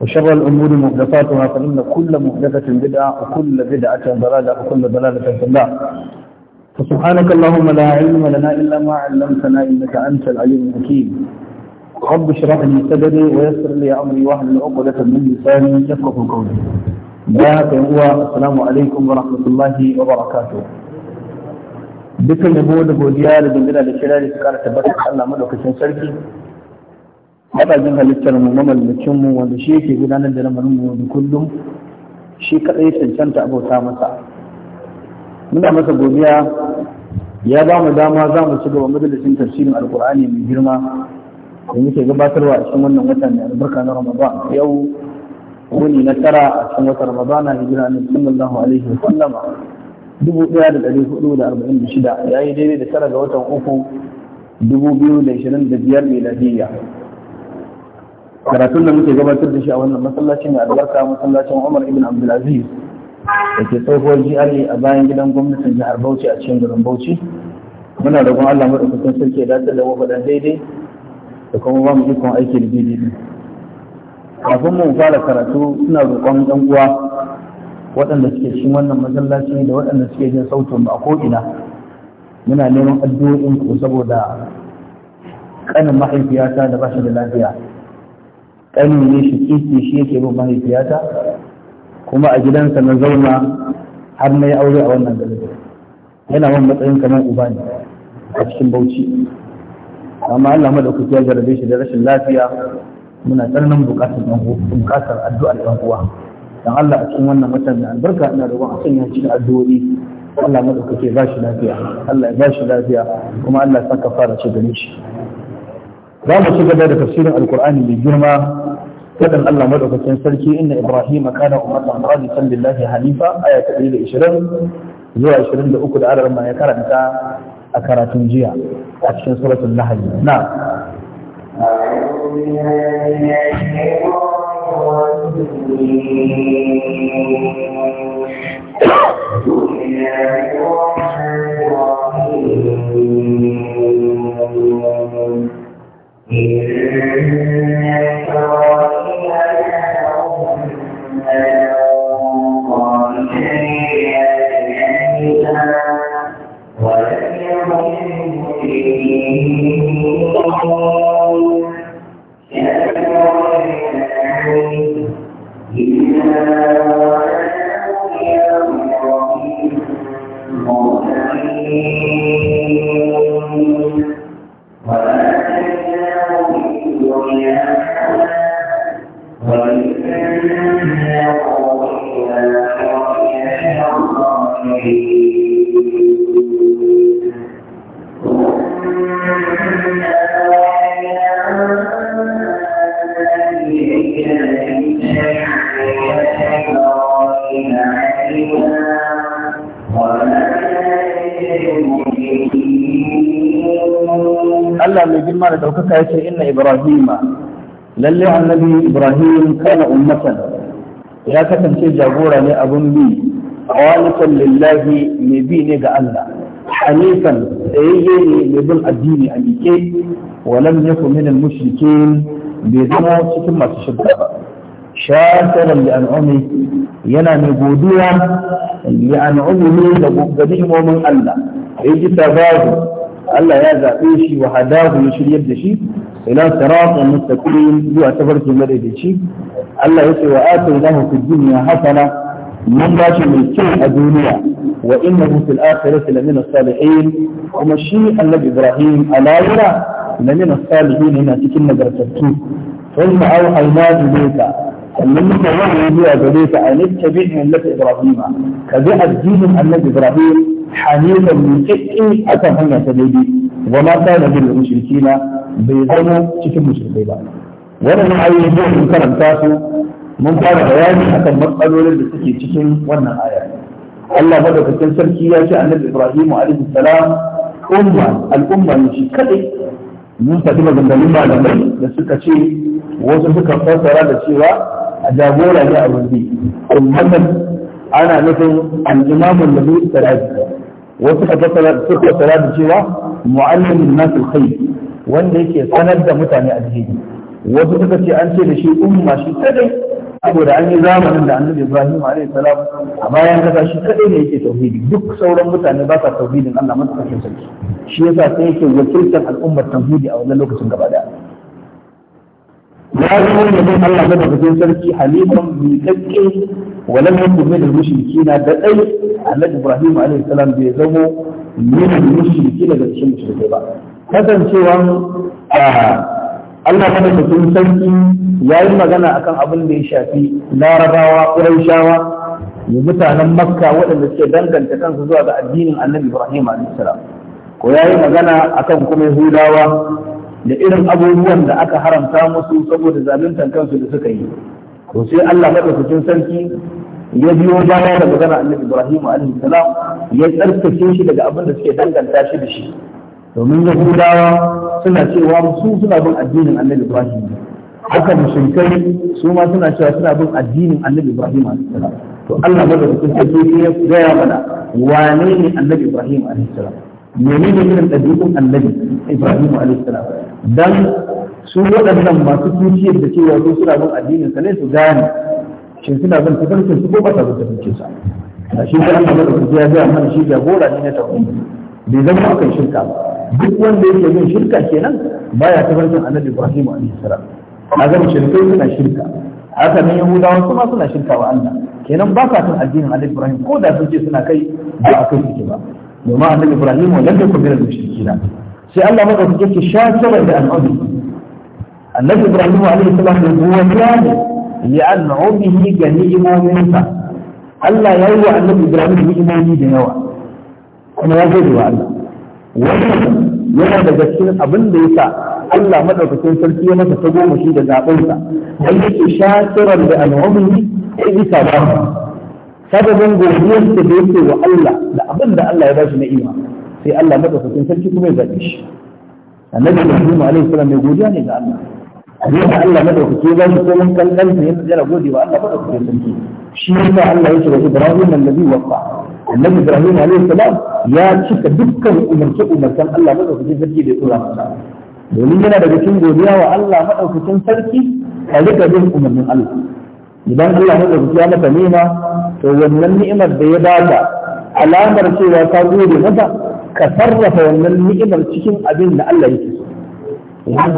وشر الأمور محدثاتها فإن كل مهدفة بدعة وكل بدعة ضلالة وكل ضلالة في فسبحانك اللهم لا علم لنا إلا ما علمتنا إنك أنت العليم الحكيم رب اشرح لي صدري ويسر لي أمري واحد العقدة من لساني يفقه قولي بارك هو السلام عليكم ورحمة الله وبركاته بكل نبوة da ديال da dindina da kirari su kara tabbatar matsajin halittar mu mamallakin mu wanda shi yake gudanar da lamarin mu da kullum shi kadai cancanta abota masa muna masa godiya ya ba mu dama za mu ci gaba majalisin tafsirin alkur'ani mai girma da muke gabatarwa a cikin wannan watan ne albarka na ramadan yau kuni na tara a cikin watan ramadan hijira ne sallallahu alaihi wa sallama dubu ɗaya da dari hudu da arba'in da shida ya yi daidai da tara ga watan uku dubu biyu da ishirin da biyar miladiyya karatun da muke gabatar da shi a wannan masallacin mai albarka masallacin Umar ibn Abdulaziz da ke tsohuwar GRA a bayan gidan gwamnatin jihar Bauchi a cikin garin Bauchi muna roƙon Allah madaukakin sarki ya dace da wafadan daidai da kuma ba mu ikon aiki da daidai kafin mu fara karatu suna roƙon ɗan uwa waɗanda suke cikin wannan masallaci da waɗanda suke jin sautin ba a ko'ina muna neman addu'o'in ku saboda ƙanin mahaifiyata da ba shi da lafiya ƙanin ne shi kiki shi yake bin mahaifiyata kuma a gidansa na zauna har na yi aure a wannan garin yana wani matsayin kamar uba ne a cikin bauchi amma Allah madaukaki ya jarabe shi da rashin lafiya muna tsananin bukatar bukatar addu'ar ɗan uwa dan Allah a cikin wannan matan da albarka ina roƙon a sanya cikin addu'o'i Allah madaukaki ya ba shi lafiya Allah ya ba shi lafiya kuma Allah ya saka fara ci gare shi za mu ci gaba da tafsirin alkur'ani mai girma فدن الله مدعوك سنسلكي إن إبراهيم كان أمة راضيا الله حنيفا آية تقريب 20 زوى 23 da adadin ma ya karanta a karatun jiya a cikin suratul nahl na إِنَّ إبراهيم للي عن نبي إبراهيم كان أمة يا كتن شيء جابورا لأبن بي قانتا لله مبيني الله حنيفا سيئيني لبن الدين أميكي ولم يكن من المشركين بذنو ثم تشبه شاكرا لأنعمه yana mai godiya li an'umihi da gadi imomin Allah yayi tabaru Allah ya zaɓe shi wa hadahu ya shiryar da shi ila siratal mustaqim zuwa tafarki madaidaici Allah yace wa ataynahu fid dunya hasana mun ba shi mai kyau a duniya wa innahu fil akhirati lamina salihin kuma shi annabi Ibrahim a lahira lamina salihin yana cikin nagartattu thumma awhayna ilayka sannan muka wahayi zuwa gare ka a nita bin millata ibrahim ka bi addinin annabi ibrahim hanifan mutaqi akan hanyar ta daidai wa ma kana bil na bai zama cikin mushrikai ba wannan ayoyi da mun karanta su mun fara bayani akan matsalolin da suke cikin wannan aya Allah madaukakin sarki ya ce annabi ibrahim alaihi salam umma al'umma ne shi kadai mun faɗi maganganun malamai da suka ce wasu suka fassara da cewa a jagora ne a rubi ummatan ana nufin al da bai salati wasu ka tattara suka cewa mu'allimin nasu kai wanda yake sanar da mutane addini wasu suka ce an ce da shi umma shi kadai saboda an yi zamanin da annabi Ibrahim alaihi salam a bayan kasa shi kadai ne yake tauhidi duk sauran mutane ba sa tauhidin Allah madaukakin sarki shi yasa sai yake wakiltar al'ummar tauhidi a wannan lokacin gaba daya لا يمكن الله مدى بزين سلسي حليما ميتكي ولم يكن من المشركين بأي أن إبراهيم عليه السلام بيزمو من المشركين بأي شيء مشركين هذا سوى آه، الله مدى بزين سلسي يا إما جنا أكن أبن بيشا في نار باوا قريشا ومتعنا مكة وإن السيدان كان تكن سزوى بأدين النبي إبراهيم عليه السلام ويا إما جنا أكن كمي هولاوا da irin abubuwan da aka haramta musu saboda zaluntan kansu da suka yi to sai Allah madaukakin sarki ya biyo baya da magana annabi Ibrahim alaihi salam ya tsarkake shi daga abin da suke danganta shi da shi domin Yahudawa suna cewa su suna bin addinin annabi Ibrahim haka mushrikai su ma suna cewa suna bin addinin annabi Ibrahim alaihi salam to Allah madaukakin sarki ya gaya mana wane ne annabi Ibrahim alaihi salam Mene ne irin ɗabi'un annabi Ibrahim alaihi salam dan su waɗannan masu kuciyar da cewa su suna bin addinin sa ne su gane shin suna bin tafarkin su ko ba sa bin tafarkin sa a shi da Allah madaukaki ya ga mana shi jagora ne na tauhidi bai zama akan shirka ba duk wanda yake yin shirka kenan baya tafarkin annabi Ibrahim alaihi salam a ga mushrikai suna shirka haka nan yahudawa su ma suna shirka wa Allah kenan ba sa son addinin annabi Ibrahim ko da sun ce suna kai ba a kai suke ba يوم أن إبراهيم ولم يكن من المشركين سأل الله مدى تجد الشاسر إلى أن عمي النبي إبراهيم عليه الصلاة والسلام هو كامل يعني لأن عمه جميع مؤمنين ألا يروى أن النبي إبراهيم هو إيماني بنوع أنا أقول له الله ولكن يوم أن تجد أبن ليسا الله مدى تجد سلسية ما تتجد مشيدة ذا قلتا هل يجد الشاسر لأن عمه إذا sababin godiyar da da ce wa Allah da abin da Allah ya ba shi na ima sai Allah madaukakin sarki kuma ya zaɓe shi annabi Ibrahim alaihi salam mai godiya ne ga Allah abin da Allah madaukake ya ba shi komai kallon sa yadda yana gode wa Allah madaukakin sarki shi yasa Allah ya ce wa Ibrahim annabi waqa annabi Ibrahim alaihi salam ya cika dukkan umarce umarcen Allah madaukakin sarki da ya tsora masa domin yana daga cikin godiya wa Allah madaukakin sarki a rika bin umarnin Allah idan Allah ya dauki ya maka ni'ima to wannan ni'imar da ya bada alamar cewa ka gode masa ka sarrafa wannan ni'imar cikin abin da Allah yake so in har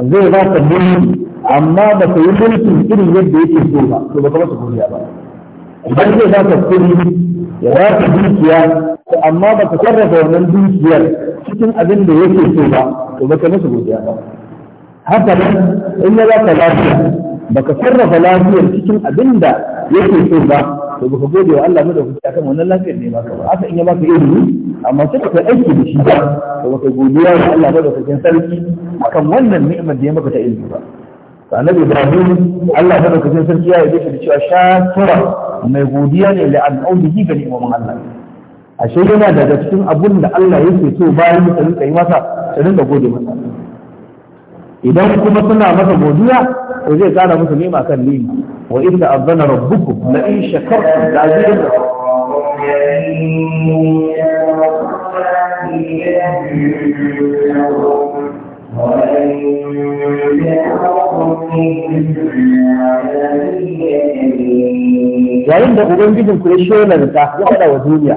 zai ba ka mulki amma ba ka yi mulkin irin yadda yake so ba to ba ka masa godiya ba idan zai ba ka kuri ya ba ka dukiya to amma ba ka sarrafa wannan dukiyar cikin abin da yake so ba to ba ka masa godiya ba haka nan in ya ba ka lafiya baka sarrafa lafiyar cikin abin da yake so ba to baka gode wa Allah madaukaki akan wannan lafiyar ne baka ba haka in ya baka ilimi amma sai ka aiki da shi ba to baka godiya wa Allah madaukakin sarki akan wannan ni'imar da ya maka ta ilimi ba to annabi Ibrahim Allah madaukakin sarki ya yi da cewa shakira mai godiya ne da al'aulihi ga ni'imomin Allah ashe yana daga cikin abun da Allah yake so bayan su yi masa su rinka gode masa idan kuma suna masa godiya to zai kara musu nima kan nima wa inda azana rabbukum la in shakartum la azidanna yayin da ubangijin ku ya shona da ta ya faɗa wa duniya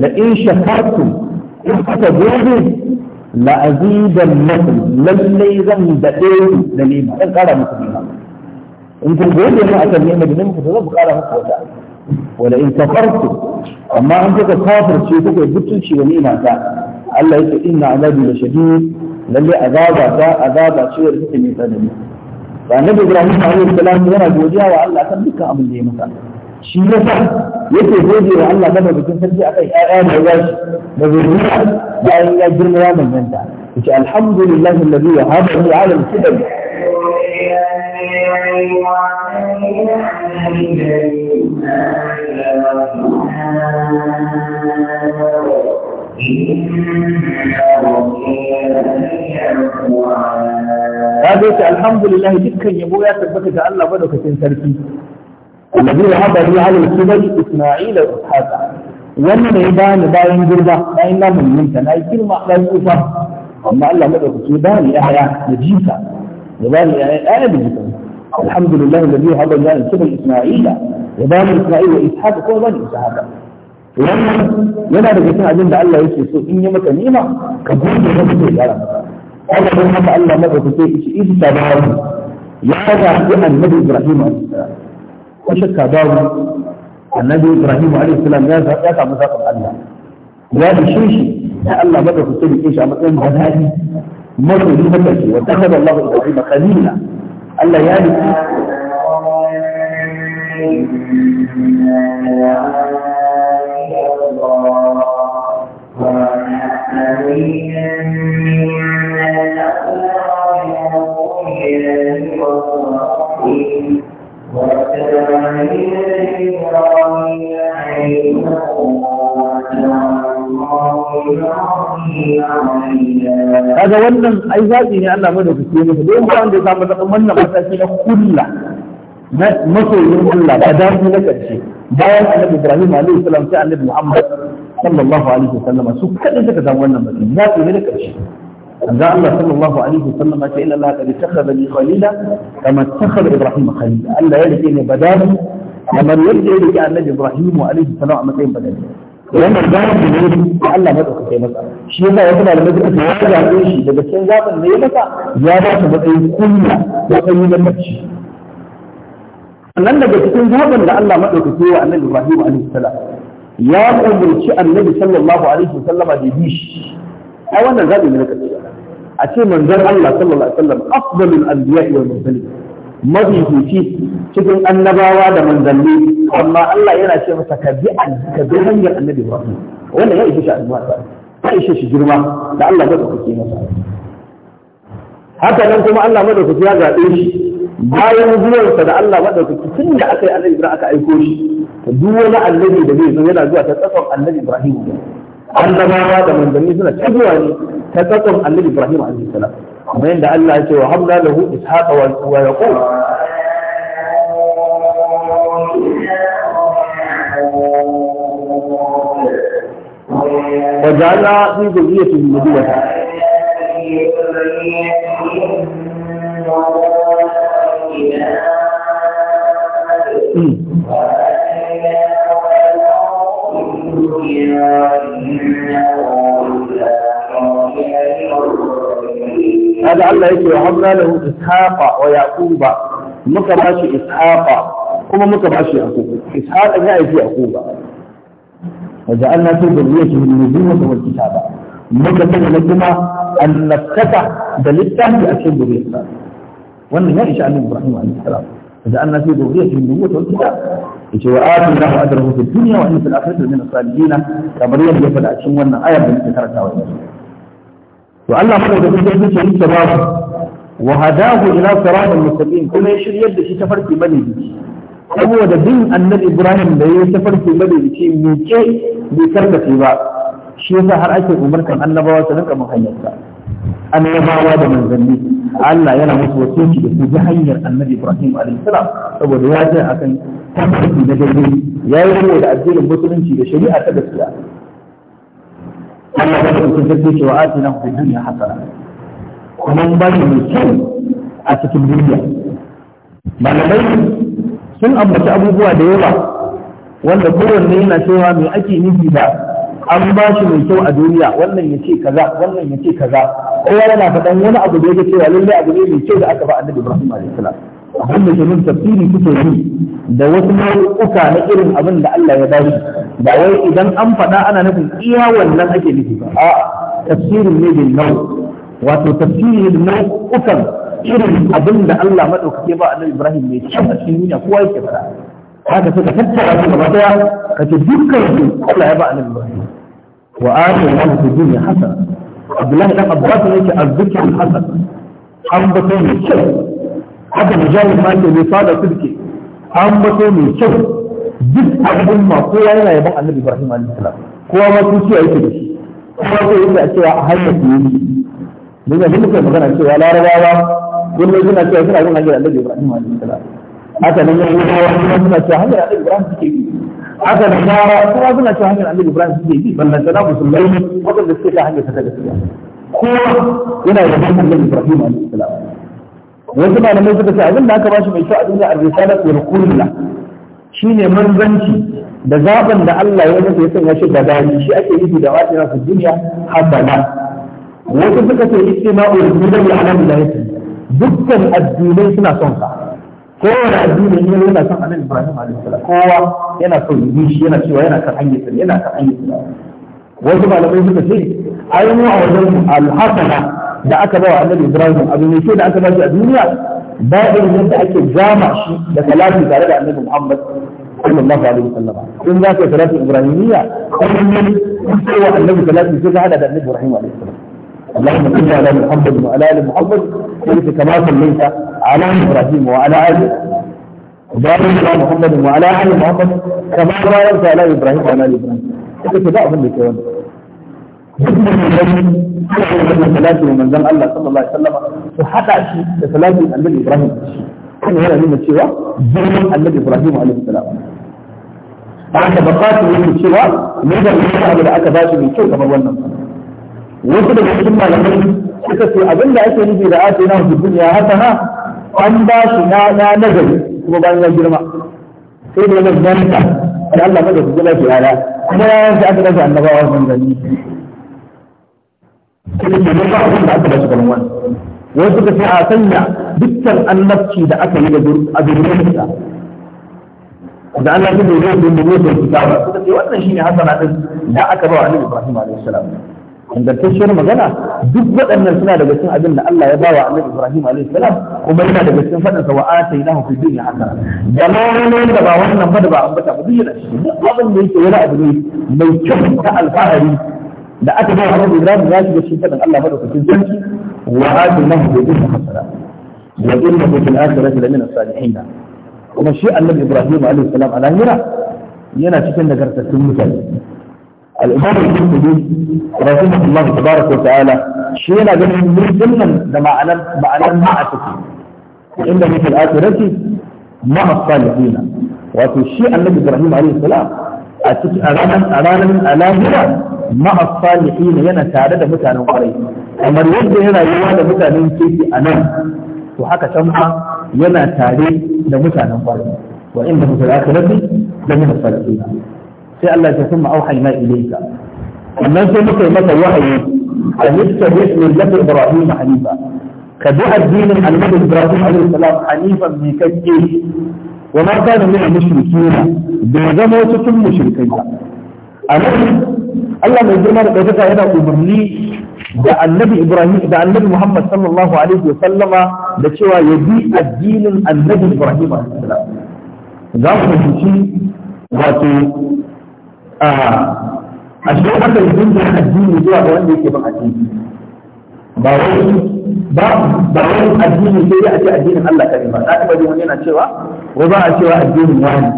la in shakartum in kuka gode la'azidan lakum lallai zan daɗe ku da lima zan ƙara muku lima in kun gode mu akan lima da lima ku zan ƙara muku wata wala in kafartu amma an kuka kafirce kuka butunci wa lima ta Allah yake inna azabi la shadid lalle azaba ta azaba ce wanda take mai tsanani ba annabi Ibrahim alaihi salam yana godiya wa Allah kan dukkan abin da ya masa shi yasa yake gode wa Allah gaba bikin sarki akan ƴaƴa da ya shi da zuriya bayan ya girma ya manyanta yace alhamdulillah alladhi wahaba li ala al-kitab Kaga yace alhamdulillah dukkan yabo ya tabbata ga Allah madaukakin sarki الذين haɗa ni ala kibari isma'ila wa ishaqa wannan ya bani bayan girma bayan na mulminta na yi girma na yi kusa amma Allah madaukaki ba ni yaya da jika ya ba ni yaya da jika alhamdulillah alladhi haɗa ni ala kibari isma'ila ya ba ni isma'ila wa ishaqa ko ba ni ishaqa wannan yana daga cikin abin da Allah yake so in yi maka nima ka gode maka da yara Allah don haka Allah madaukaki shi isa ba ya zaɓi annabi Ibrahim alaihi salam ko shakka babu annabi ibrahim alaihi salam ya ya samu zakar Allah ya dishe shi da Allah bada ku sai shi a matsayin gazali mafi matashi wa takhadha Allah ibrahim khalila Allah ya dishe Thank you. kaga wannan ai zaɓi ne Allah mai da kuke musu don ba wanda ya samu zaɓin wannan mataki na kulla na masoyin kulla ba da na ƙarshe bayan annabi Ibrahim alaihi salam sai annabi Muhammad sallallahu alaihi wasallam su kaɗai suka samu wannan matsayi zaɓi ne na ƙarshe أن الله صلى الله عليه وسلم ما شئنا لها قد اتخذ لي خليلا كما اتخذ إبراهيم خليلا أن لا يلك إني بدان ومن يلك إليك أن نجي إبراهيم وعليه السلام ما كإن بدان وأن الدار في نيري فألا مدرك في مسألة شيء ما يقول على مدرك في مسألة يعني إيشي إذا بس إن جاب الميلك جابا تبقي كل ما يقول من المكشي بس إن جاب إن الله مدرك في هو أن إبراهيم عليه السلام يا أمر شيء النبي صلى الله عليه وسلم ما أجيبيش أولا غالي من الكثير a ce manzon Allah sallallahu alaihi wasallam afdalul anbiya'i wal mursalin mafifici cikin annabawa da manzanni amma Allah yana ce masa ka bi ka bi hanyar annabi Muhammad wannan ya ishe shi almasa ya ishe shi girma da Allah ba ka masa haka nan kuma Allah madaukaki ya zaɓe shi bayan zuwansa da Allah madaukaki tun da aka yi annabi Ibrahim aka aiko shi duk wani annabi da zai zo yana zuwa ta tsakon annabi Ibrahim annabawa da manzanni suna tabuwa ne ta tsakon annabi ibrahim alaihi salam kuma yanda Allah ya ce wa hamla lahu ishaqa wa yaqub وجعلنا في ذريته نبوة Mm. هذا الله يكي وهبنا له إسحاق ويعقوب مكباشي إسحاق كما مكباشي يعقوب إسحاق جاء في يعقوب وجعلنا في ذريته النبوة والكتابة مكتب لكما أن نفكت دلتهم بأسهم ذرية وأن يعيش عن إبراهيم عليه السلام وجعلنا في ذريته النبوة والكتابة إيش وآت الله أدره في الدنيا وإن في الآخرة من الصالحين كبريا بيفل أشهر وأن آية من الكتابة to Allah kuma da kuke kuke yi ta babu wa hadahu ila siratal mustaqim kuma ya shiryar da shi ta farki madaidaici saboda bin annabi Ibrahim da ya ta farki madaidaici miƙe bai karkace ba shi yasa har ake umartan annabawa su rinka bin hanyarsa annabawa da manzanni Allah yana musu wasiyyaci da su ji hanyar annabi Ibrahim alaihi salam saboda ya ji akan tafarki na daidai ya yi da addinin musulunci da shari'a ta gaskiya Allah ya ɗauki sarki ce wa ati na fi dunya hasana kuma bari mai kyau a cikin duniya malamai sun ambaci abubuwa da yawa wanda kowanne yana cewa mai ake nufi ba, an ba shi mai kyau a duniya wannan ya ce kaza wannan ya ce kaza kowa yana faɗan wani abu da ya ga cewa lallai abu ne mai kyau da aka ba annabi Ibrahim alaihi salam abin da shirin tafsiri kuke yi da wasu nau'uka na irin abin da Allah ya bashi ba wai idan an faɗa ana nufin iya wannan ake nufi ba a tafsirin ne da nau wato tafsiri ne bin nau'ukan irin abin da Allah madaukake ba annabi Ibrahim mai kyau a cikin duniya kowa yake faɗa haka suka tattara su gaba daya kace dukkan su Allah ya ba annabi Ibrahim wa atayna fi dunya hasana Abdullahi dan Abbas yake azzikrul hasan an bato mai kyau haka mujahid ma ke mai fada sulke an bato mai kyau duk al'umma kowa yana yaban annabi ibrahim alaihi salam kowa ma su ciwa yake da shi kowa ko yake a cewa a hanyar su yi ne da muke magana cewa larabawa kullum suna cewa suna bin hanyar annabi ibrahim alaihi salam haka nan yan uwa kuma suna cewa hanyar annabi ibrahim suke bi haka nan yara kuma suna cewa hanyar annabi ibrahim suke bi ballan sana musulmai wadanda suke ta hanyar ta gaskiya kowa yana yaban annabi ibrahim alaihi salam wasu malamai suka ce abin da aka bashi mai kyau a duniya ar-risalatu wal kulla shine manzanci da zaben da Allah ya masa ya sanya shi da gani shi ake yi da wata na duniya hasana wasu suka ce istima'ul hudan ya alamu da yake dukkan addinai suna son sa kowane addini ne yana son annabi Ibrahim alaihi salam kowa yana son yi shi yana cewa yana kan hanyar yana kan hanyar wasu malamai suka ce ai mu a wajen al-hasana da aka ba wa annabi ibrahim abu mai kyau da aka ba shi a duniya babu yadda ake jama shi da salati tare da annabi muhammad sallallahu alaihi wasallam in za ka salati ibrahimiyya kullum sai wa annabi salati sai ka hada da annabi ibrahim alaihi salam اللهم صل على محمد وعلى ال محمد كما صليت على ابراهيم وعلى ال بارك على محمد وعلى ال محمد كما باركت على ابراهيم وعلى ال ابراهيم. كيف تبعهم لك dukkan gani suna yin wannan salati wa manzon Allah sallallahu alaihi wasallam su hada shi da salatin annabi Ibrahim kuma yana nuna cewa girman annabi Ibrahim alaihi salam haka bakatu yake cewa ne da wani abu da aka ba shi mai kyau kamar wannan wasu daga cikin malamai suka ce abinda ake nufi da ake na hukun ya haka na an ba shi na nazari kuma bayan ya girma sai da ya zanta da Allah madaukakin lafiya ya kuma ya yanzu aka dace annabawa manzanni kuma ne ba abin da aka ba shi kamar wani wasu suka ce a sanya dukkan annabci da aka yi da zuriyarsa da Allah ya dole da dole da kitaba suka ce wannan shine hasana din da aka ba wa Annabi Ibrahim alaihi salam ingantacciyar magana duk waɗannan suna daga cikin abin da Allah ya ba wa Annabi Ibrahim alaihi salam kuma yana daga cikin fadin sa wa atainahu fi dunya hasana da ma wannan da ba wannan ba da ba ambata ba duk yana cikin duk abin da yake wani abu ne mai kyau ta alfahari da aka ga Annabi Ibrahim ya shiga shi fadan Allah madaukakin sarki wa atimahu bi dhikri hasana wa innahu fil akhirati lamina salihin kuma shi Annabi Ibrahim alaihi salam a hira yana cikin nagartattun mutane al-Imam al-Qurtubi rahimahullah tabaaraka wa ta'ala shi yana ganin murjinnan da ma'anar ma'anar ma'a take inda fil akhirati ma'a salihin wato shi Annabi Ibrahim alaihi salam a ranar alahira ma'asalihi yana tare da mutanen kwarai kamar yadda ya rayuwa da mutanen kirki a nan to haka can ma yana tare da mutanen kwarai wa inda mutum ya kalafi da mutum sarki sai Allah ya kuma auha ila ilayka annan sai muka yi masa wahayi a lissa bismi lafi ibrahim hanifa ka bi addinin annabi ibrahim alaihi salam hanifan mai kakke wa ma kana min al-mushrikina bai zama tun mushrikai a nan Allah mai girma da ɗaukaka yana umarni da annabi Ibrahim da annabi Muhammad sallallahu alaihi wa sallama da cewa ya bi addinin annabi Ibrahim za mu fahimci wato a shi aka yi addini zuwa ga wanda yake bin addini ba wai ba ba addini sai dai ce addinin Allah kare ba za da ba wani yana cewa wai ba a cewa addinin wani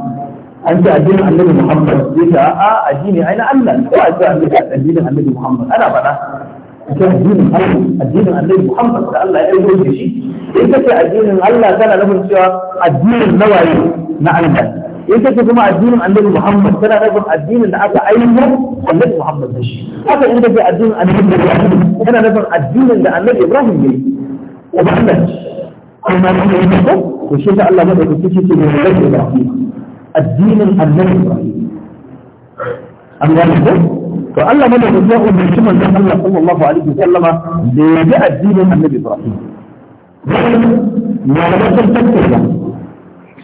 an ce addinin Annabi Muhammad sai ta a addini ai na Allah ko a ce addinin Annabi Muhammad ana faɗa ita addinin Allah addinin Annabi Muhammad da Allah ya aiko shi in kace addinin Allah tana nufin cewa addinin nawaye na Allah yadda ke kuma addinin annabi Muhammad tana nufin addinin da aka ayyuka annabi Muhammad da shi haka in take addinin annabi Ibrahim tana nufin addinin da annabi Ibrahim yayi ko ba Allah amma mun yi ko to shi ta Allah madaukaki ce ce ne annabi Ibrahim addinin annabi Ibrahim an gane ko to Allah madaukaki ya umarci manzon Allah sallallahu alaihi wasallama da ya bi addinin annabi Ibrahim ya da tattalin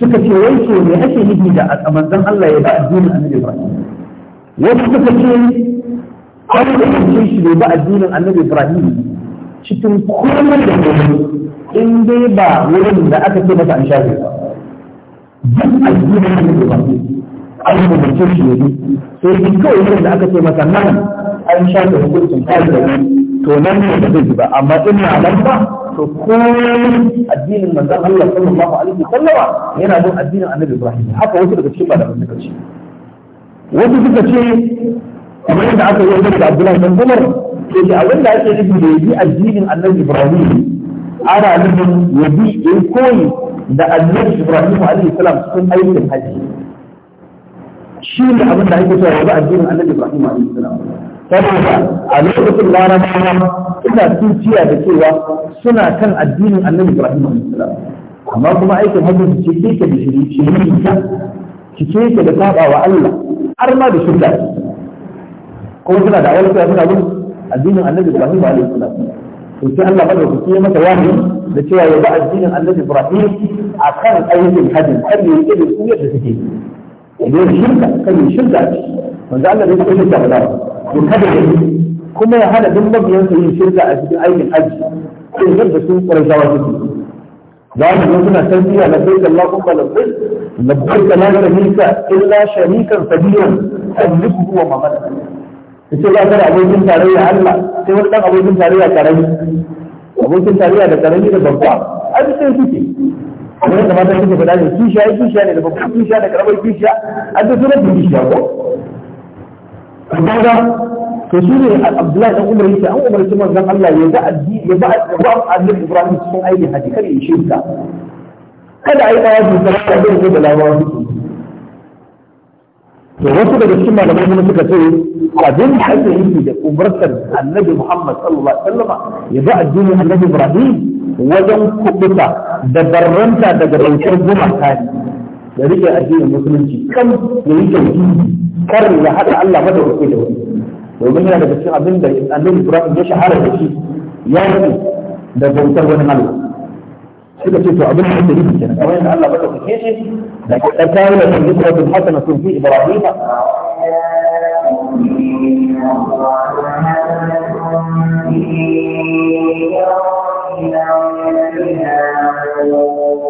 suka ce wai so me ake nufi da a manzon Allah ya ba addinin annabi Ibrahim wasu suka ce an da shi ne ba addinin annabi Ibrahim cikin komai da komai in dai ba wurin da aka ce masa an shafe ba duk addinin annabi Ibrahim an rubuce shi ne sai in kawai wurin da aka ce masa nan an shafe hukuncin kai da to nan ne ba zai ba amma ina nan ba to komai addinin manzon Allah sallallahu alaihi wasallama yana bin addinin Annabi Ibrahim haka wasu daga cikin malaman suka ce wasu suka ce kamar yadda aka yi daga Abdullahi bin Umar ke ce abin da ake nufi da ya bi addinin Annabi Ibrahim ana nufin bi ya koyi da Annabi Ibrahim alaihi salam sun aikin haji shi ne abin da ake cewa bi addinin Annabi Ibrahim alaihi salam saboda a lokacin larabawa suna tuciya da cewa suna kan addinin annabi ibrahim amma kuma aikin hajji su ce ke da shiri ce yi ta ki ce ke da saba wa Allah har ma da shirka ko suna da awar cewa suna bin addinin annabi ibrahim alaihissalam to sai Allah madaukaki ya masa wani da cewa ya ba addinin annabi ibrahim akan aikin hajji har ya yi da su yadda suke idan shirka kan shirka ce manzo Allah bai ko shirka ba to kada ka yi kuma ya hana duk mabiyan su yin shirka a cikin aikin aji sai yadda su ƙurayshawa suke da wani sun suna tarbiyya na bai Allah kun ba labbai labbai ka la sharika illa sharikan sabiyan tamliku wa mamala ce ba ka da abokin tarayya Allah sai wani ɗan abokin tarayya karami abokin tarayya da karami da babba ai sai suke kamar yadda mata suke faɗa ne kishiya kishiya ne da babban kishiya da karamar kishiya an da sunan kishiya ko kaga to shi ne Abdullahi dan Umar yake an umarci manzon Allah ya ga addini ya ba annabi Ibrahim cikin aiki haji kar ya shirka kada ai dawo da salata da da lawa to wasu daga cikin malamai kuma suka ce abin da ake yi da umartar annabi Muhammad sallallahu alaihi wasallam ya ba addinin annabi Ibrahim wajen kubuta da barranta daga bautar gumaka ya rike addinin musulunci kan ya yi tauhidi kar ya haɗa Allah madaukake da wani domin yana daga cikin abin da annabi Ibrahim ya shahara da shi ya yi da bautar wani Allah suka ce to abin da yake nufi kenan kamar yadda Allah madaukake shi da ke tsakanin da sun zikra bil hasana sun fi Ibrahim Thank you.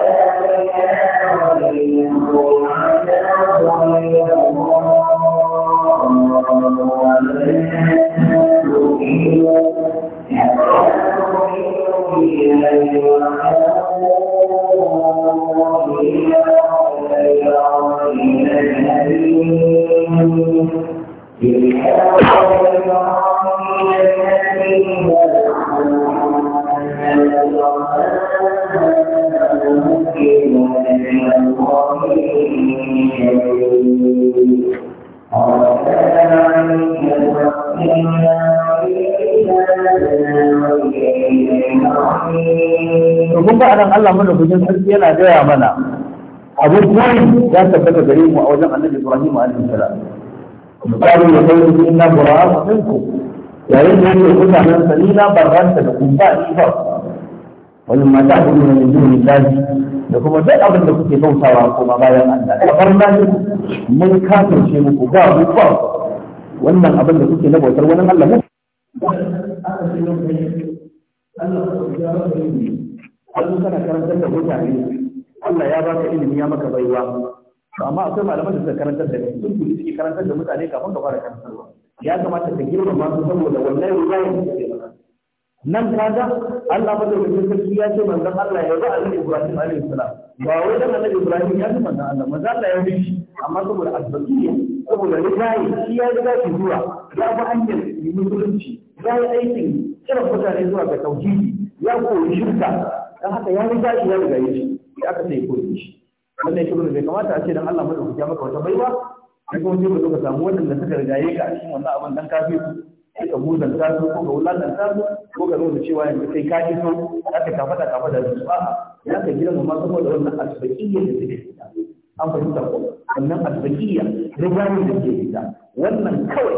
الله Allah mana kujin sarki yana gaya mana abin koyi ya tabbata gare mu a wajen annabi Ibrahim alaihi salam misalin ya kai su inna bura'a minku yayin da yake mutanen nan ni na barranta da kun ba ni ba wani mata ku ne min duni lahi da kuma duk abin da kuke bautawa kuma bayan Allah kafar lahi mun kafirce muku ba mu ba wannan abin da kuke na bautar wani Allah mu Allah ya rabu hannu kana karantar da mutane Allah ya baka ilimi ya maka baiwa to amma akwai malaman da suka karantar da kai sun kuli suke karantar da mutane kafin ka fara karantarwa ya kamata ka girmama su saboda wannan ruwayan da suke ba. nan kaga Allah yi sarki ya ce manzon Allah ya ba annabi Ibrahim alaihi salam ba wai dan annabi Ibrahim ya ce manzon Allah manzon Allah ya bi shi amma saboda ne, saboda rigayi shi ya riga shi zuwa ya bi hanyar musulunci ya yi aikin kiran mutane zuwa ga tauhidi ya koyi shirka dan haka ya riga shi ya riga shi sai aka sai koyi shi wannan shi bai kamata a ce dan Allah mai ya maka wata baiwa sai kuma sai ka zo ka samu wanda suka rigaye ka a cikin wannan abin dan kafi su sai ka muzanta su ko ka wulakanta su ko ka nuna cewa yanzu kai ka ji so aka ka fada ka da su ba ya ka gidan mu ma saboda wannan asbaqiyya da take fita an fahimta ko wannan asbaqiyya rigayen da ke fita wannan kawai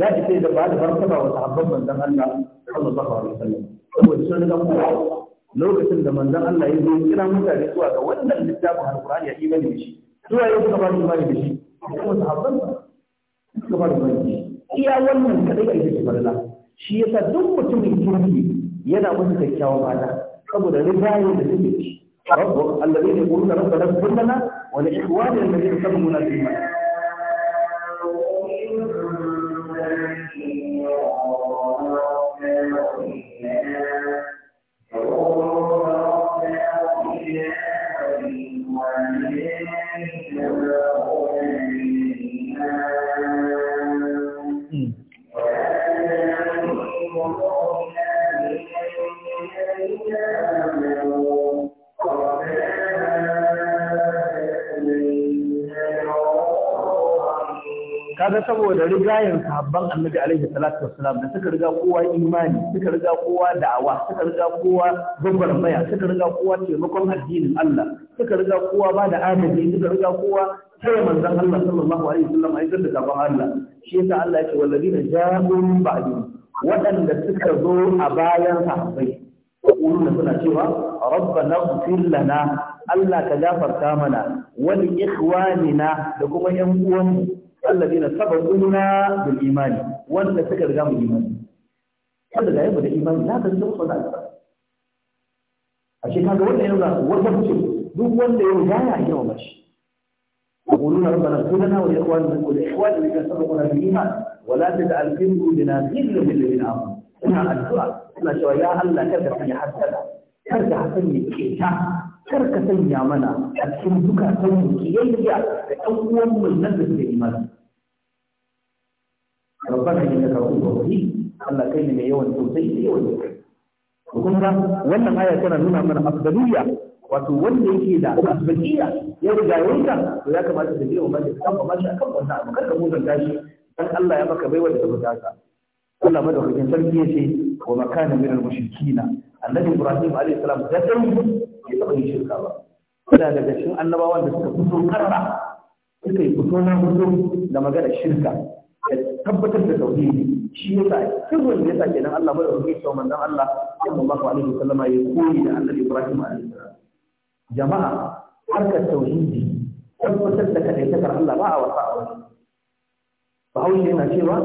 ya sai da ba da martaba wa sahabban manzon Allah sallallahu alaihi wasallam saboda sun riga kowa lokacin da manzan Allah ya zo kira mutane zuwa ga wannan littafin Alkur'ani ya imani da shi zuwa yau suka shi imani da shi kuma sahabban suka fara imani da shi iya wannan kadai ake shi barna shi yasa duk mutumin kirki yana musu kyakkyawan da saboda rigayen da suke shi rabbu alladhina yaquluna rabbana ighfir lana wa li ikhwanina alladhina sabaquna bil iman kaga saboda rigayen sahabban annabi alaihi salatu wassalam da suka riga kowa imani suka riga kowa da'awa suka riga kowa maya, suka riga kowa taimakon addinin Allah suka riga kowa ba da agaji suka riga kowa sai manzon Allah sallallahu alaihi wasallam ai da gaban Allah shi yasa Allah yake wallahi da ja'u ba'di waɗanda suka zo a bayan sahabbai يقولون Allah ka gafarta mana, لنا ألا ikhwanina da kuma yan uwanmu الذين سبقونا بالإيمان وانت سكر جام الإيمان هذا لا يبدأ الإيمان لا تنسوا صلاة عشان هذا ولا يوضع وصفته دوب ولا يوضع يوم ماشي يقولون ربنا اغفر لنا ولإخواننا والإخوان الذين سبقونا بالإيمان ولا تجعل في قلوبنا غلا للذين آمنوا إنها الدعاء إن شوية الله كذا في حسنة كذا حسنة كذا kar ka sanya mana a cikin zukatan mu kiyayya da ɗan uwan mu nan da suke imani rabbana innaka rahimur rahim Allah kai ne mai yawan tausayi da yawan kai kun wannan aya tana nuna mana afdaliyya wato wanda yake da asbaqiya ya riga yanka to ya kamata da biyo mai kan ba shi akan wannan abu kar ka muzanta shi dan Allah ya maka baiwa da tabbata ka Allah madaukakin sarki yace wa makana min al-mushrikina annabi Ibrahim alaihi salam da dai taɓa yin shirka ba suna daga cikin annabawan da suka fito karara suka yi fito na fito da maganar shirka da tabbatar da tauhidi shi yasa sirrin da yasa kenan Allah bai rubuce cewa manzon Allah sallallahu alaihi wasallam ya koyi da Allah Ibrahim alaihi salam jama'a harkar tauhidi tabbatar da kadaitakar Allah ba a wasa a wani Bahaushe yana cewa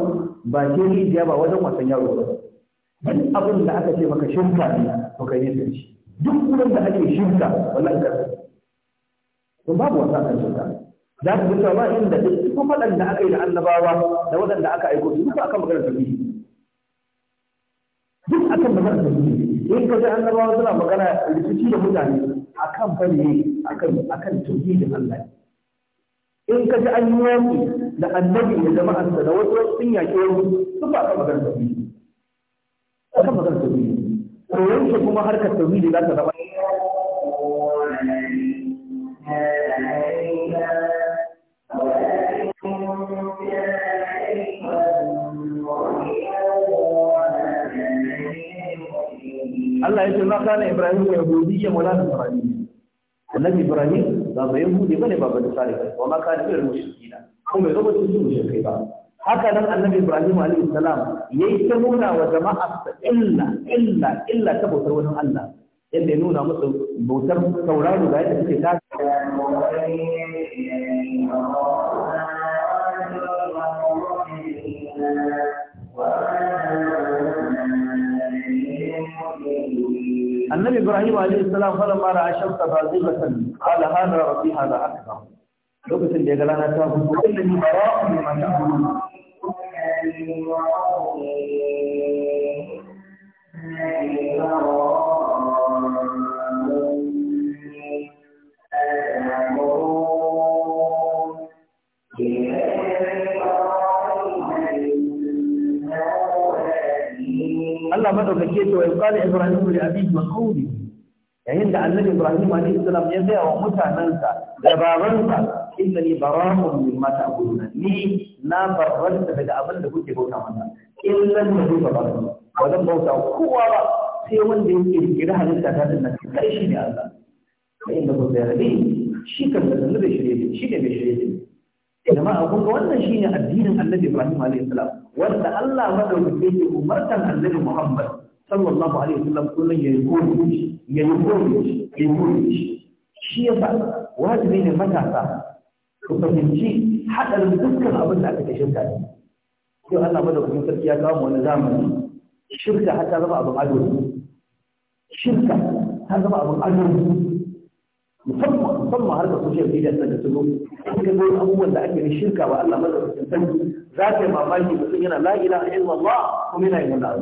ba ke rijiya ba wajen wasan yaro ba duk abin da aka ce maka shirka ne to kai ne shi duk wurin da ake shirka wallahi ka to babu wata kan shirka za ku ga cewa inda duk kuma waɗanda aka yi da annabawa da waɗanda aka aiko su duka akan maganar tauhidi duk akan maganar tauhidi in ka ji annabawa suna magana rikici da mutane akan fari akan akan da Allah in ka ji an yi yaƙi da annabi da jama'arsa da wasu sun yaƙi wani duka akan maganar tauhidi akan maganar tauhidi koyon shi kuma harkar tauhidi za ta zama Allah ya ce ma kana Ibrahim ya godi ya wala Ibrahim annabi Ibrahim ba bai gode bane ba ba da ba ma kana irin mushrikina kuma ya ba su mushrikai ba haka nan annabi ibrahim alaihi salam yayi ta nuna wa jama'a illa illa illa ta bautar wani allah yadda ya nuna musu bautar tauraro ga yadda suke tashi النبي إبراهيم عليه السلام فلما رأى الشمس بازغة قال هذا ربي هذا أكبر لو كنت جعلنا تاخذ كل من براء مما تعبدون Allah madaukake ce wa qala ibrahim li abihi wa yayin da annabi ibrahim alaihi salam ya gaya wa mutanansa da babansa innani bara'un mimma ta'budun ni na barranta daga abin da kuke bauta mana illan da kuka ba su ba zan bauta kowa ba sai wanda yake rikiri halitta ta da nan kai shi ne Allah kai inda ku zai rabi shi kan da zan da shirye ne shi ne mai shirye ne eh, jama'a kun ga wannan shine addinin Annabi Ibrahim alaihi salam wanda Allah madaukake yake umartan Annabi Muhammad sallallahu alaihi wasallam kullun ya yi koyi ya yi koyi ya yi koyi shi yasa wajibi ne matasa ku fahimci haɗarin dukkan abin da aka ke shirka ne yau Allah madaukakin sarki ya kawo wani zamani shirka har ta zama abin ado shirka ta zama abin ado musamman musamman harkar social media da da tuno suka zo abubuwan da ake shirka ba Allah madaukakin sarki za ka yi mamaki mutum yana la ilaha illallah kuma yana yin wannan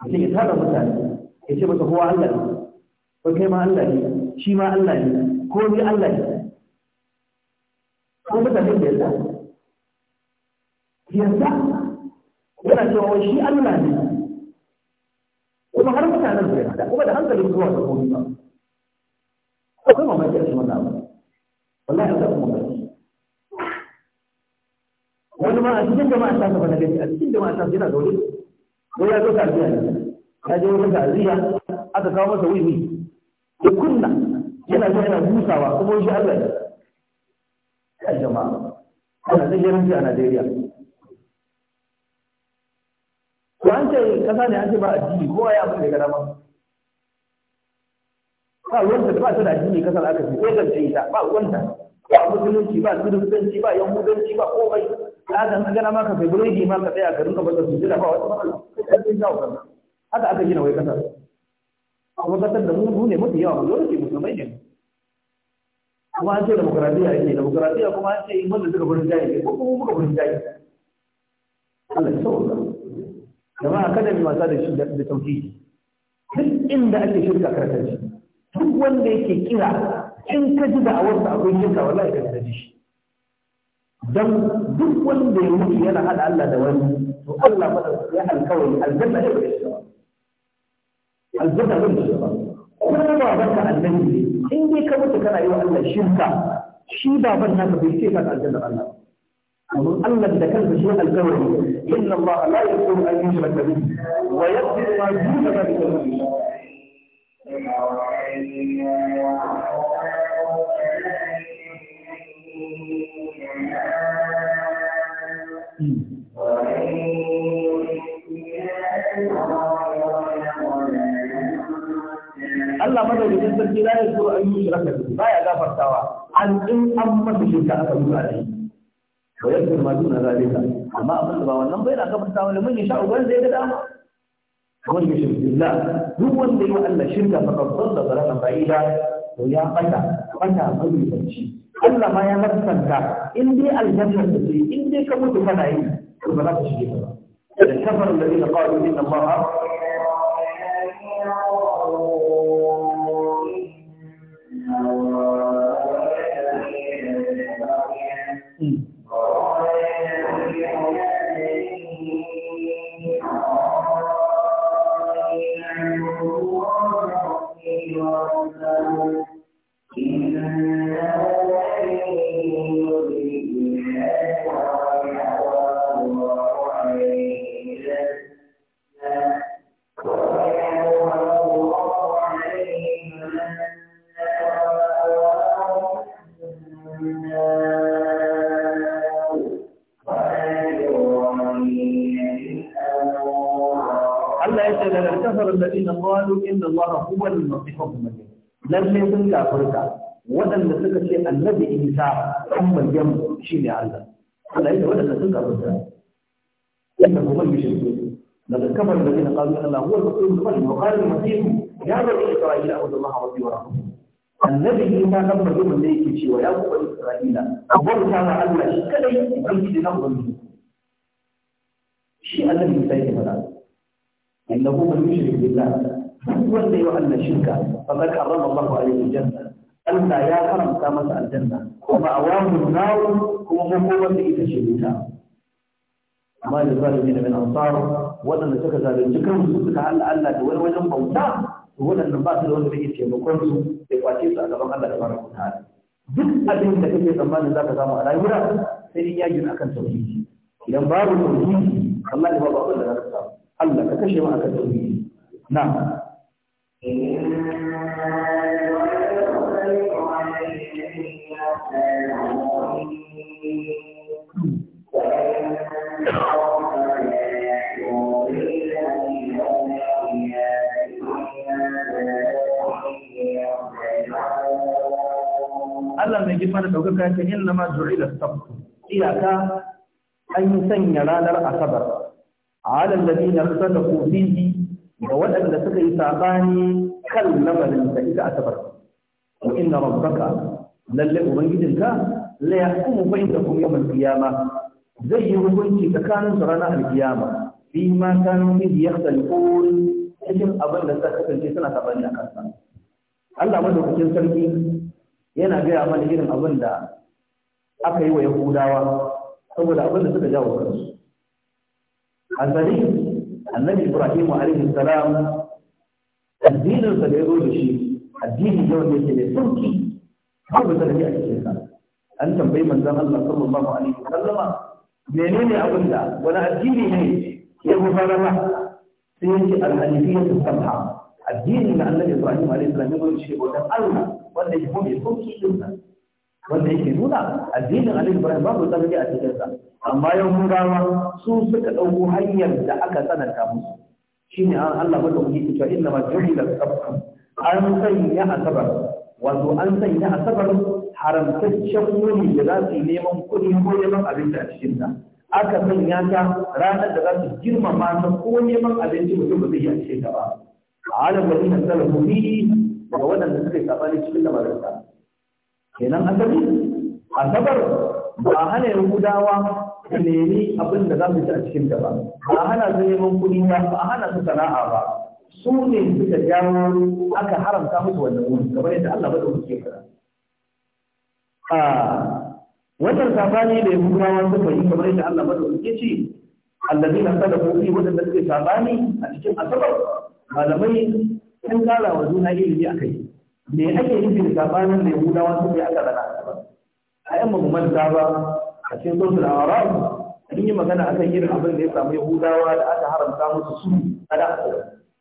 abu mutum ya tara mutane ya ce masa kowa Allah ne ko kai ma Allah ne shi ma Allah ne ko ni Allah ne ko mutane da yasa yasa yana cewa wai shi Allah ne kuma har mutanen su yasa kuma da hankalin zuwa da komi ba akwai mamaki a shi wannan abu wallahi Allah kuma ba wani ma a cikin jama'a ta saba na gani a cikin jama'a ta yana zaune ko ya zo ta biya ne ya je wajen ta'aziyya aka kawo masa wiwi ya kunna yana zai yana busawa kuma shi Allah ne ya jama'a ana zai yaranci a Najeriya to an ce kasa ne an ce ba addini kowa ya abin da ya ba wanda ba ta da addini kasar aka ce ko gance ita ba wanda ba musulunci ba kiristanci ba yahudanci ba komai da aka gana ma ka sai buregi ma ka tsaya ka rinka bata su jira ba wata matsala sai ka tsaya ka haka aka gina wai kasar kuma kasar da mu ne mafi yawa mu ce musulmai ne kuma an ce demokradiyya yake demokradiyya kuma an ce wanda suka burin jayi ne ko kuma muka burin jayi Allah ya sauka jama'a kada mu wasa da shi da tauhidi duk inda ake shirka karatar shi duk wanda yake kira in ka ji da'awarsa akwai shirka wallahi ka da shi dan duk wanda ya mutu yana hada Allah da wani to Allah fa ya alkawari aljanna ne ba shi ba aljanna zan shiga ba ko baban ka annabi ne in dai ka mutu kana yi wa Allah shirka shi baban naka bai ce ka aljanna Allah domin Allah da kansa shi alƙawari inna Allah la yaghfiru an yushraka bihi wa yaghfiru ma duna dhalika liman yasha hmm. Allah madaukakin sarki la ya zuru an yi shirka da ba ya gafartawa an in an masa shirka aka mutu alai wa yakfur ma duna zalika amma abin da ba wannan bai na gafartawa wani mun sha uban zai ga dama wani ya shirka billah duk wanda yi Allah shirka fa kafar da zalalan ba'ida to ya bata bata mai barci Allah ma ya nasanta in dai aljanna ta ce in dai ka mutu na yi to ba za ka shige ba da kafar da ila qalu inna Allah النساء ثم الجمع شيء على الله قال إذا ولد تلك الرجاء إنه من يشركون لقد كفر الذين قالوا ان الله هو المسلم المسلم وقال المسيح يا بني اسرائيل اعبد الله ربي وربكم النبي ما نظر يوم الليل في ويا بني اسرائيل اقول كان الله شكلي بنتي لنظر منه شيء الذي يسيء هذا انه من يشرك بالله فمن يعلم شركه فقد حرم الله عليه الجنه الا يا حرم كما الجنه wa ma'awamun naru kuma ko da ita ce wuta amma da zalimi da min ansar waɗanda suka zalunci kansu suka halla Allah da wani wajen bauta to waɗannan ba su da wanda yake taimakon su da kwace su a gaban Allah da baraka ta duk abin da kake tsammanin zaka samu a rayuwa sai in ya gina akan tauhidi idan babu tauhidi Allah ne babu abin da zaka samu Allah ka kashe mu akan tauhidi na'am Allah mai girma da ɗaukaka ta yin lama da sabtu iyaka an yi sanya ranar asabar a halin da zina kusa da kofihi ga waɗanda suka yi saɓani kan lamarin da ita asabar wa inna rabbaka lalle ubangijinka la yaqumu bainakum yawm al zai yi hukunci tsakanin su ranar al-qiyama fi ma kanu fihi yakhtalifun cikin abin da suka kasance suna sabani a kansa Allah madaukakin sarki yana gaya mana irin abin da aka yi wa Yahudawa saboda abin da suka jawo kansu azali annabi Ibrahim alaihi salam addinin da ya zo da shi addini ne wanda yake da babu zargi a cikin sa an tambayi manzon Allah sallallahu alaihi wasallam menene abin da wani addini ne ya gufara ba sai yake al-hanifiyya sabha addini na annabi Ibrahim alaihi salam ya gudu shi wajen Allah wanda ya mai sauki din sa wanda yake nuna addinin annabi Ibrahim babu zargi a cikin sa amma yau mun gawa su suka dauko hanyar da aka tsananta musu shine Allah wanda yake cewa inna ma juhila sabha an sanya asabar wato an sanya asabar haramtaccen wuri da za su neman kuɗi ko neman abinci a cikin da? aka sanya ta ranar da za su girmama ta ko neman abinci mutum ba zai yi a cikin ta ba a halin wani na salafu ne daga waɗanda suka yi saɓani cikin lamarinsa kenan asali asabar ba a hana yahudawa su nemi abin da za su ci a cikin ta ba ba a hana su neman kuɗi ba ba a hana su sana'a ba su ne suka jawo aka haramta musu wannan wuri kamar yadda Allah ba da ke fara a wannan sabani da yahudawa suka yi kamar yadda Allah ba da ke ce allazina sadaku fi wadanda suke sabani a cikin asabar malamai sun kara wa juna ilimi akai me ake yi da sabanin da yahudawa suka yi aka rana asabar a yan mamanta ba a cikin da awara, an yi magana akan irin abin da ya samu yahudawa da aka haramta musu su a da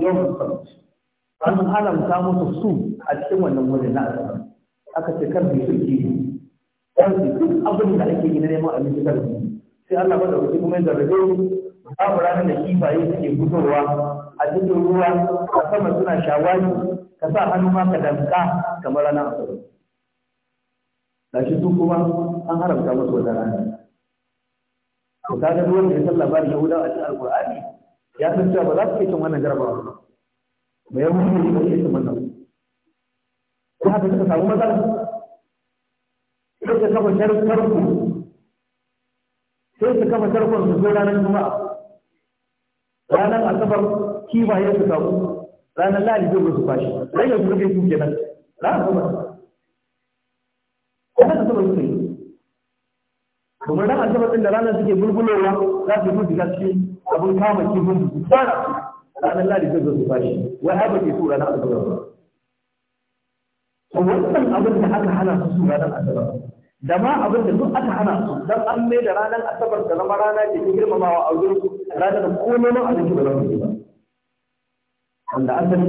yawon sabat an haramta musu su a cikin wannan wajen na asabar aka ce kar bai ne kan su abin da ake yi na neman abinci kar sai Allah ba da wuce kuma ya zarrabe babu ranar da kifaye suke gudowa a cikin ruwa a sama suna shawari ka sa hannu ma ka damka kamar ranar asabar shi su kuma an haramta musu wata rana to ga duk wanda ya san labarin Yahudawa a cikin Alƙur'ani ya san cewa ba za su iya wannan jarabawa ba mai yawan mutum ba iya cin wannan ko haka suka samu matsala sai su kafa tarko sai su kafa tarkon su zo ranar juma'a ranar asabar ya su samu ranar lahadi zai su fashi rage su rage su kenan ranar kuma ko haka asabar su ne kamar nan asabar din da ranar suke bulbulowa za su yi ga cikin abin kama kifin su tsara ranar ladi ta zo su fashi wai haka ke su ranar asabar ba to wannan abin da aka hana su su ranar asabar da ma abin da duk aka hana su dan an mai da ranar asabar da zama rana ce ta girmamawa a wurin ranar ko nonon abinci ba za su ba wanda asali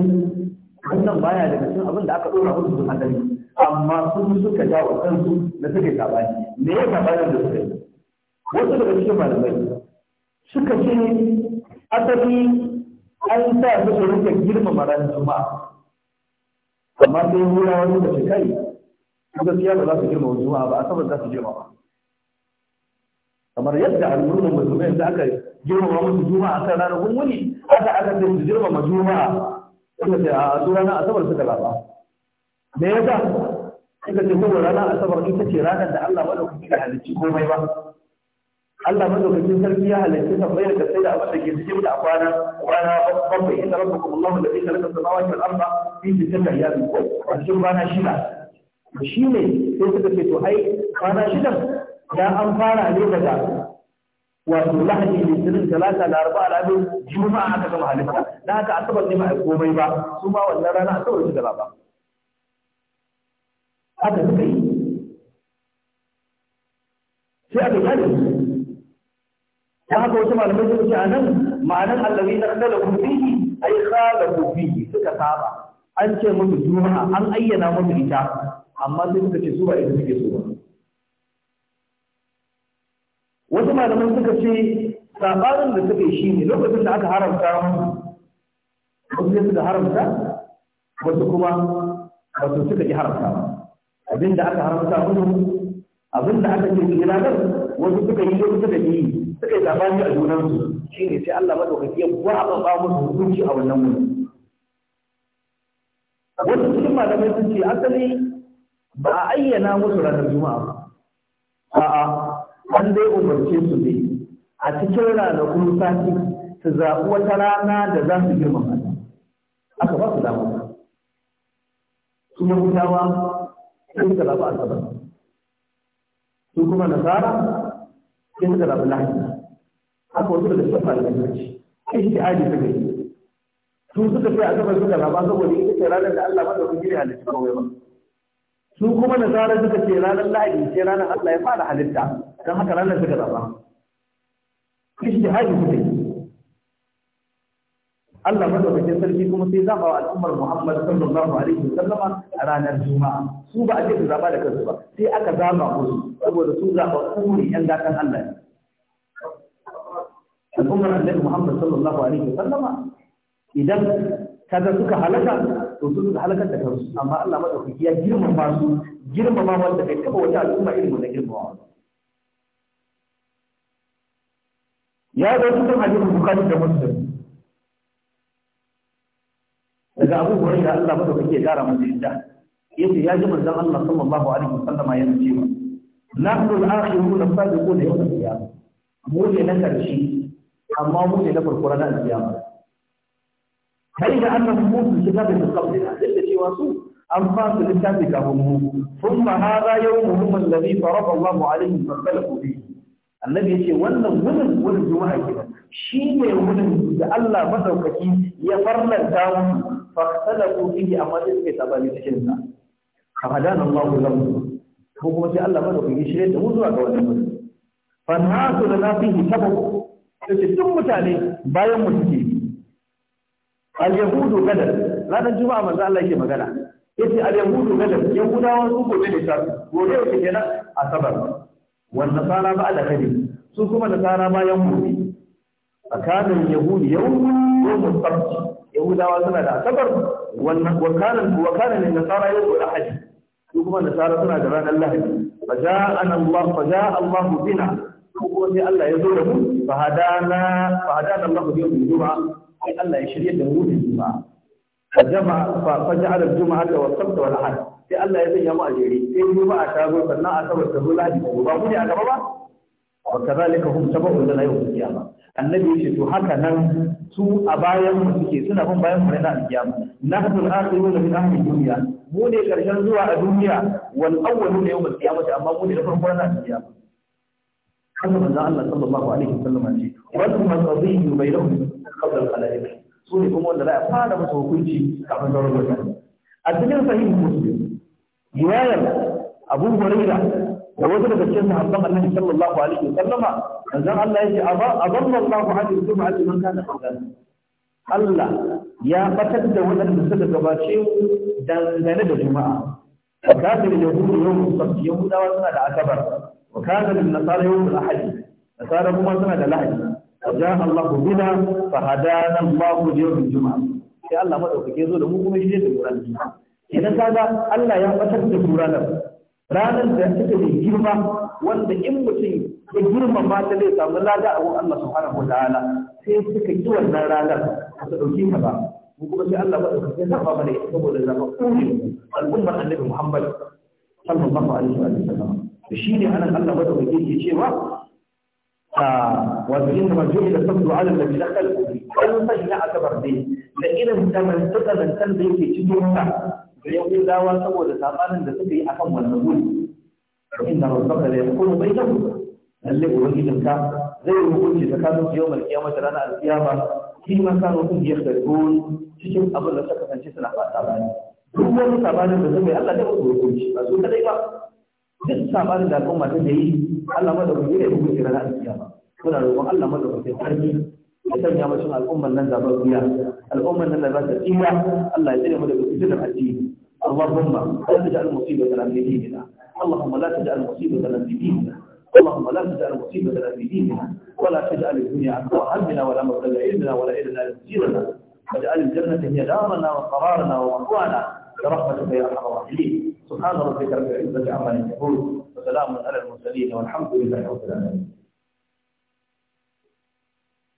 wannan baya daga cikin abin da aka dora musu asali amma sun suka ja wa kansu da suke yi sabani me ya sabani da suke yi wasu daga cikin malamai suka ce asali an sa su su rinka girmama ranar juma'a amma sai hura wani da shi kai gaskiya ba za su girmama juma'a ba asabar za su girmama kamar yadda al'ummar musulmai da aka girmama musu juma'a kan ranar wuni aka aka sai su girmama juma'a suka a su ranar asabar suka lafa me yasa suka ce saboda ranar asabar ita ce ranar da Allah madaukaki da halicci komai ba Allah madaukakin sarki ya halicci sabai da sai da abin da ke cikin da kwana kwana bakwai inda rabbukum Allahu alladhi khalaqa samawati wal arda fi sittati ayyamin wa cikin bana shida shi ne sai suka ce to ai kwana shidan ya an fara ne daga wato lahadi litinin talata laraba alhamis juma'a aka gama halitta da haka asabar ne ba a komai ba su ma wannan rana asabar su gaba ba haka suka yi sai aka kare su ta haka wasu malamai suka ce a nan ma'anar allawi na kala kufihi ai kala kufihi suka saba an ce musu juma'a an ayyana musu ita amma sai suka ce su ba ita suke so ba wasu malamai suka ce sabarin da suka yi shine lokacin da aka haramta wasu ne suka haramta wasu kuma wasu suka ki haramta abin da aka haramta musu abin da aka ce kira nan wasu suka yi wasu suka yi suka yi sabani a junansu ne sai Allah madaukaki ya a ba musu hukunci a wannan wuri wasu cikin malamai sun ce asali ba a ayyana musu ranar juma'a ba a'a an dai umarce su ne a cikin ranakun sati su zaɓi wata rana da za su girmama aka ba su dama su mutawa sai suka zaɓi asabar su kuma nasara sai suka zaɓi lahadi haka wasu daga cikin malamai suka ce kai shi aji suka yi su suka ce asabar suka zaɓa saboda ita ce ranar da Allah mada kuma a halitta kawai ba su kuma nasara suka ce ranar lahadi ce ranar Allah ya fara halitta don haka ranar suka zaɓa kai shi aji suka yi Allah madaukakin sarki kuma sai zaba wa al'ummar Muhammad sallallahu alaihi wasallama a ranar Juma'a su ba a ce su zaba da kansu ba sai aka zaba musu saboda su zaba kuma yan dakan Allah ne al'ummar Annabi Muhammad sallallahu alaihi wasallama idan kaza suka halaka to su suka halakar da kansu amma Allah madaukaki ya girmama su girmama wanda kai taba wata al'umma irin wannan girmama ya zo cikin hadisin Bukhari da Muslim daga abubuwan da Allah ba da kuke gara mu jinda yace ya ji manzon Allah sallallahu alaihi wasallam yana cewa nahnu al-akhiruna ko da al-qiyamah mu ne na karshe amma mu ne na farko ranar al-qiyamah kai da an nufi musu shiga da kabila duk da cewa su an fasu littafi kafin mu sun ma hada yau muhimmin da bai fara ba Allah mu alaihi wasallam ku annabi ya ce wannan gudun gudun juma'a kenan shi ne wurin da Allah madaukaki ya farlanta musu faktalaku bihi amma sai suka sabani cikin sa hadana Allah lahu ko kuma sai Allah mana ku shirye da mu zuwa ga wannan mutum fa nasu da nafihi ko. sai duk mutane bayan mu suke al-yahudu gadal ranar juma'a manzo Allah yake magana yace al-yahudu gadal yahudawa su gobe da sa gobe yake kenan asabar wan nasara ba'da kadi su kuma nasara bayan mu tsakanin yahudi yawmi يوم السبت يهودا وسنا دا سبر وكان وكان للنصارى يوم الاحد يوم النصارى سنا دا ران الله فجاءنا الله فجاء الله بنا kuma sai Allah ya zo da mu fa hadana fa hadana Allah bi yawm juma sai Allah ya shirya da mu da juma'a fa jama'a fa faja'ala juma wa sabt wa ahad sai Allah ya sanya mu a jere sai juma'a ta zo sannan asabar ta zo lahadi ba mu ne a gaba ba wa kadhalika hum tabu'un lana yawm qiyamah annabi yace to haka nan su a bayan mu suke suna bin bayan mu na alkiyama nahnu da akhiruna min ahli dunya mu ne karshen zuwa a duniya wal awwalu yawm al-qiyamah amma mu ne na farko na alkiyama haka manzo Allah sallallahu alaihi wasallam ce wal maqdiyu bainahum qabla al-khalaiq su ne kuma wanda za a fara masa hukunci kafin sauran mutane a cikin sahihin muslim riwayar Abu Hurairah da wasu daga cikin sahabban Annabi sallallahu alaihi wasallama manzon Allah yake aballa Allahu an yusuf an man kana qablan Allah ya batar da waɗanda suka gabace dangane da juma'a wa kana lil yahudi yawm sabt yahudawa suna da asabar wa kana lil nasara yawm al ahad nasara kuma suna da lahadi wa ja'a Allahu bina fa hadana Allahu yawm juma'a sai Allah madaukake zo da mu kuma shi ne da ranar juma'a idan kaga Allah ya batar da ranar ranar da take da girma wanda in mutum ya girma ma ta zai samu lada a wurin Allah subhanahu wa sai suka ki wannan ranar ba su dauki ta ba ko kuma sai Allah ba da kai zafa ba ita saboda zafa kuri al'ummar annabi Muhammad sallallahu alaihi wa sallam to shine anan Allah ba da kake ke cewa ah, wato inda ma jami'a sabdu ala alladhi la khalqa an sanya akabar dai da irin tamantuka zantan da yake cikin sa da yahudawa saboda sabanin da suka yi akan wannan guri inda rabbaka la yaqulu bainahum lalle ubangijin ka zai yi hukunci tsakanin su yawmal qiyamah ranar alqiyama shi ma kanu kun yi karbon cikin abin da suka kasance suna fata bani duk wani sabanin da suka yi Allah da kuma hukunci ba su kadai ba duk sabanin da al'umma ta yi Allah madaukakin ya hukunci ranar alqiyama kuna roƙon Allah ma madaukakin sarki ya sanya mashin al'umman nan zaɓar biya al'umman nan da za ta tsira Allah ya tsira mu daga fitinar addini اللهم لا تجعل مصيبتنا في ديننا اللهم لا تجعل مصيبتنا في ديننا اللهم لا تجعل مصيبتنا في ديننا ولا تجعل الدنيا أكبر همنا ولا مبلغ علمنا ولا إلينا مصيرنا واجعل الجنة هي دارنا وقرارنا ومقوانا برحمتك يا أرحم الراحمين سبحان ربك رب العزة عما يصفون وسلام على المرسلين والحمد لله رب العالمين